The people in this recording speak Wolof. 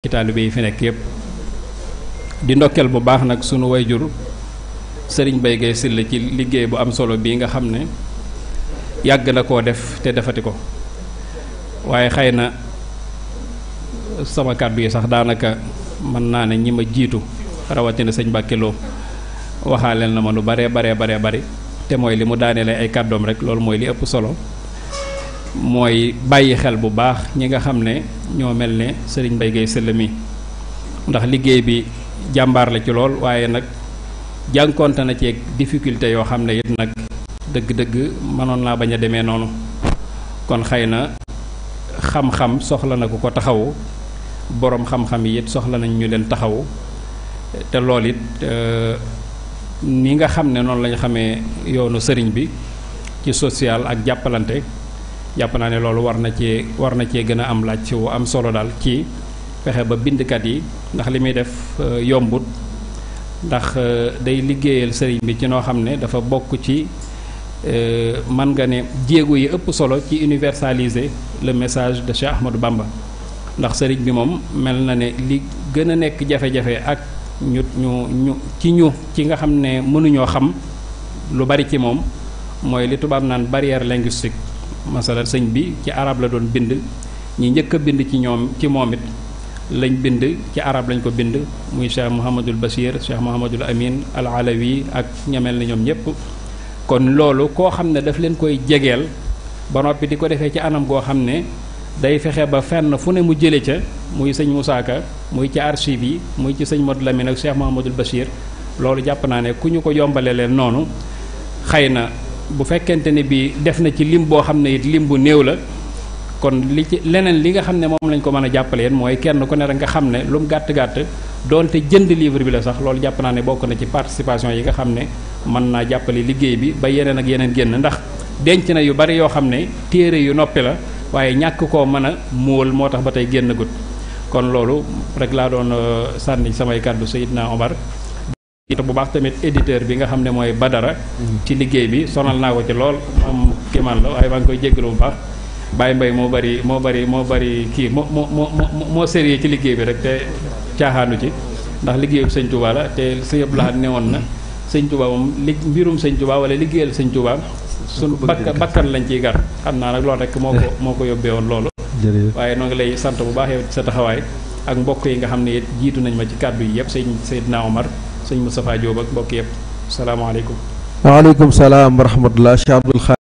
ci taalibe yi fi nekk yépp di ndokkeel bu baax nag sunu way jur sëriñ Baye Gueye Sylla ci liggéey bu am solo bii nga xam ne yàgg na koo def te defati ko waaye xëy na sama kàddu yi sax daanaka mën naa ne ñi ma jiitu rawatina sëñ Mbàkke Lo waxaaleel na ma lu bare bare bare bari te mooy li mu daaneele ay kàddoom rek loolu mooy li ëpp solo mooy bàyyi xel bu baax ñi nga xam ne ñoo mel ne sëriñ Mbaye Guèye Sylla ndax liggéey bi jàmbaar la ci lool waaye nag jànkoonte na ceeg difficulté yoo xam ne it nag dëgg-dëgg mënoon naa bañ a demee noonu kon xëy na xam-xam soxla na ku ko taxawu boroom xam-xam yi soxla nañ ñu leen taxawu te lool it euh, ni nga xam ne noonu lañu xamee yoonu sëriñ bi ci social ak jàppalante jàpp naa ne loolu war na cee war na cee gën a am laaj wu am solo daal ci pexe ba bindkat yi ndax li muy def euh, yombut ndax euh, day liggéeyal sëriñ bi ci noo xam ne dafa bokk ci euh, man nga ne jéego yi ëpp solo ci universaliser le message de Cheikh Ahmadou Bamba ndax sëriñ bi moom mel na ne li gën a nekk jafe-jafe ak ñu ñu ñu ci ñu ci nga xam ne mënuñoo xam lu bari ci moom mooy li tubaab naan barrière linguistique masala sëñ bi ci arab la doon bind ñi njëkk a bind ci ñoom ci moom it lañ bind ci arab lañ ko bind muy cheikh Mouhamadul Bashir cheikh Mouhamadul Amin al Alawi ak ñamel na ñoom ñëpp kon loolu koo xam ne daf leen koy jegeel ba noppi di ko defee ci anam goo xam ne day fexe ba fenn fu ne mu jële ca muy sëñ musaaka muy ci archive yi muy ci sëñ Modou Lamine ak cheikh Mouhamadul Bashir loolu jàpp naa ne ku ñu ko yombale leen noonu xëy na bu fekkente ne bi def na ci lim boo xam ne it lim bu néew la kon li ci leneen li nga xam ne moom lañ ko mën a jàppale yéen mooy kenn ku ne rek nga xam ne lu mu gàtt gàtt doonte jënd livre bi la sax loolu jàpp naa ne bokk na ci participation yi nga xam ne mën naa jàppale liggéey bi ba yeneen ak yeneen génn ndax denc na yu bari yoo xam ne téere yu noppi la waaye ñàkk koo mën a móol moo tax ba tey génn gut kon loolu rek laa doon euh, sànni samay kàddu Seydina Omar te bu baax tamit éditeur bi nga xam ne mooy Badara ci liggéey bi sonal naa ko ci lool moom kiman la waaye maa ngi koy jéggalu bu baax Baye Mbaye moo bari moo bari moo bari kii moo moo moo moo sérieux ci liggéey bi rek caaxaanu ci ndax liggéeyu sëñ Touba la te sëñ Abdou Lahad ne woon na sëñ Touba li mbirum sëñ Touba wala liggéeyal sëñ Touba suñu bakk bakkan lañ ciy gar xam naa nag loolu rek moo ko moo ko yóbbee woon loolu waaye noo ngi lay sant bu baax yow ci sa taxawaay ak mbokk yi nga xam ne jiitu nañ ma ci kàddu yi yëpp sëñ Seydina Omar sëñ Moustapha Diop ak mbokk yëpp salaamaaleykum. waaleykum salaam wa rahmatulah Cheikh Abdoul Khadir